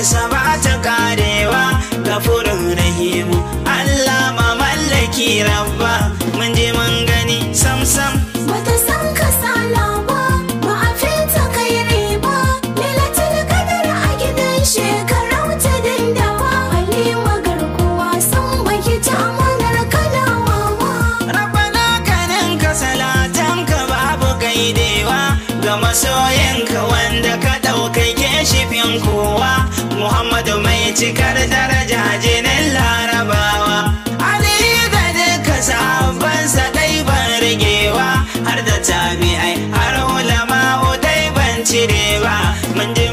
ni'marsa ba ta karewa gafurin rahimu Allah ma mallaki rabba mun je mun gani sam sam bata san kasala ba ba a fita kai riba lalatul kadar a gidan shekarau ta ba. halima garkuwa sun baki ta amanar kalawawa rabbana kanin ka salatan ka babu gaidewa ga masoyanka wanda ka ɗaukake shi fin kowa muhammadu mai cikar daraja jinin larabawa ali da duka sahabbansa dai ban rigewa har da tabi'ai har ulama'u dai ban cire ba. ji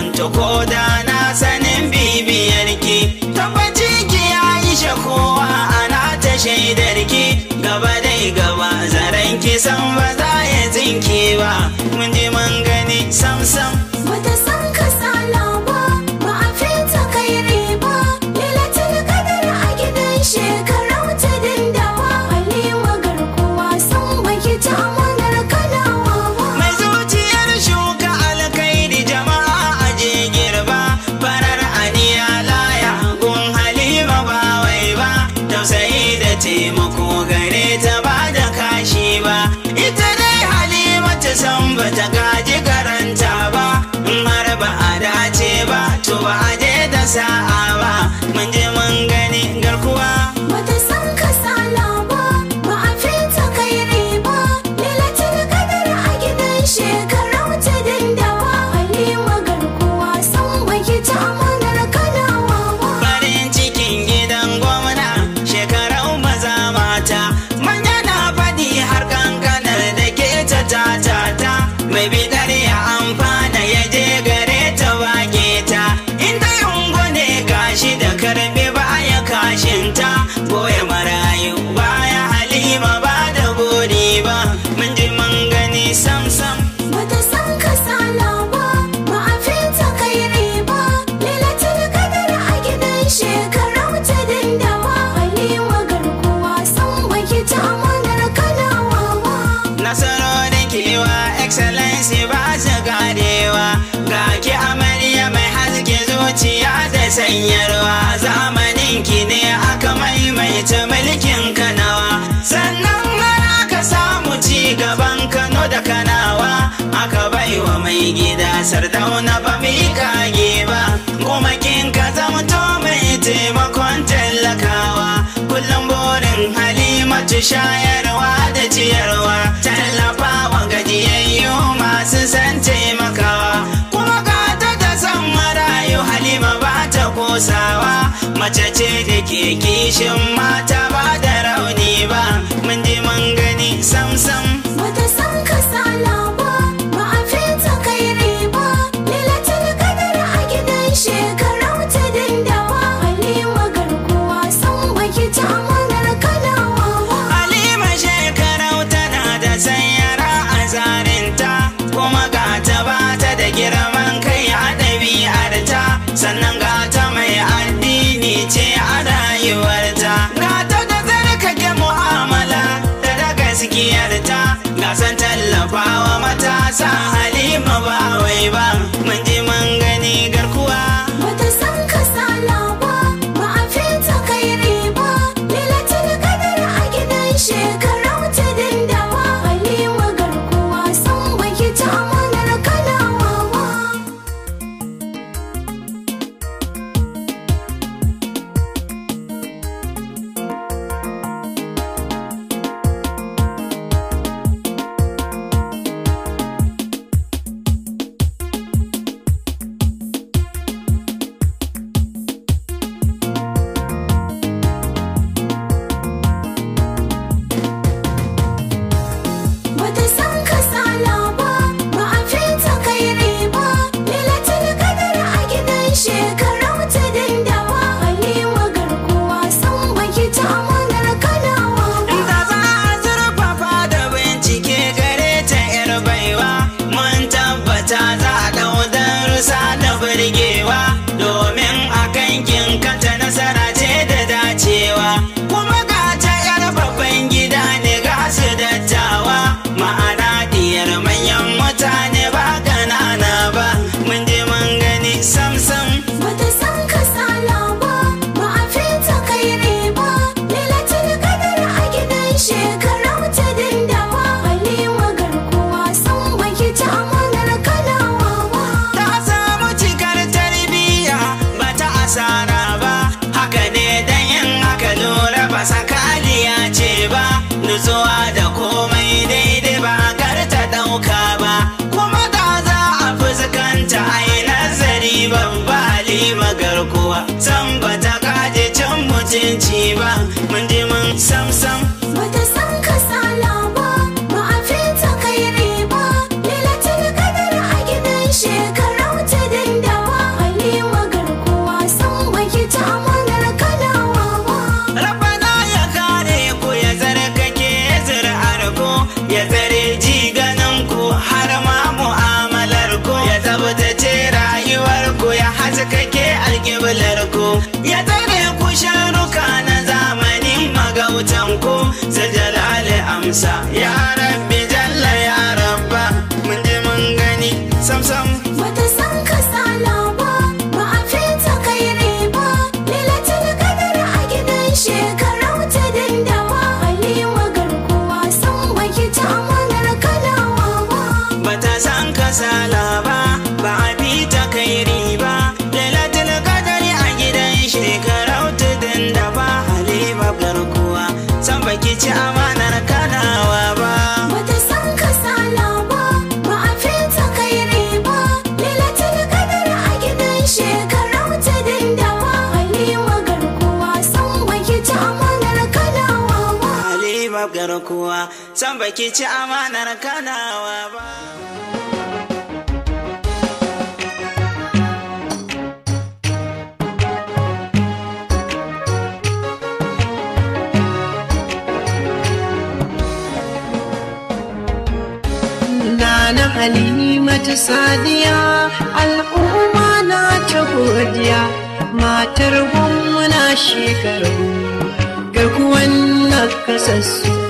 manta ko da na sanin bibiyarki tabbaci ki ya yayi kowa ana ta shaidarki gaba dai gaba zaren ki san ba za ya zinke ba mun je mun gani sam sam nasarorin kiwa excellency ba su gadewa ga ki amarya mai haske zuciya da sanyarwa zamanin ki ne aka maimaita mulkin kanawa sannan mana ka samu ci gaban kano da kanawa aka baiwa mai gida sardauna ba shayarwa da ciyarwa tallafawa gajiyayyu masu san taimakawa kuma ka ta da san marayu halima ba ta kosawa mace ce da ke kishin mata ba da rauni ba mun je mun gani samsam sa halima ba So I. Y este kowa san baki ci amanar kanawa ba Nana Halimatu Sadiya al'umma na ta godiya matar gwamna shekaru ga na kasassu.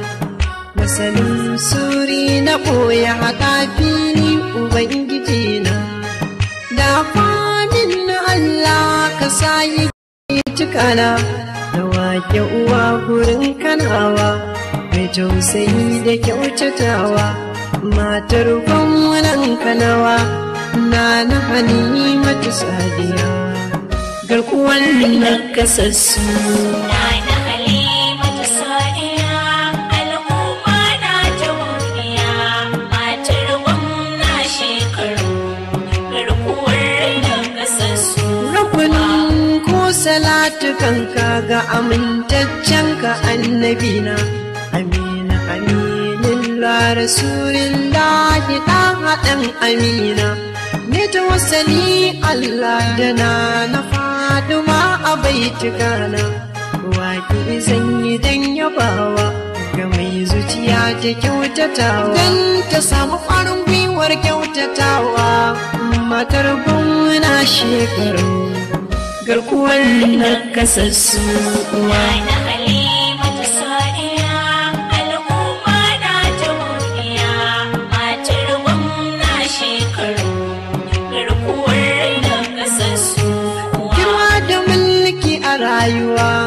asalin suri na ɓoye a kafili ubangiji na da fadin na Allah ka sayi cikana da wake uwa gurin kanawa mai tausayi da kyautatawa matar gwamnan kanawa na na hani mata sadiya garkuwan nakasassu na ka ga amintaccen ka annabina amina aminin la rasulillah da haɗin amina ne ta wasali Allah da na na faduma a Wa waƙi zan yi dan yabawa ga mai zuciya ta kyautatawa dan ta samu ƙwarin gwiwar kyautatawa matar gwamna shekaru garkuwar nakasassu uwa na halima ta sa'iya al'umma na jamhuriya matar gwamna shekaru garkuwar nakasassu uwa girma da mulki a rayuwa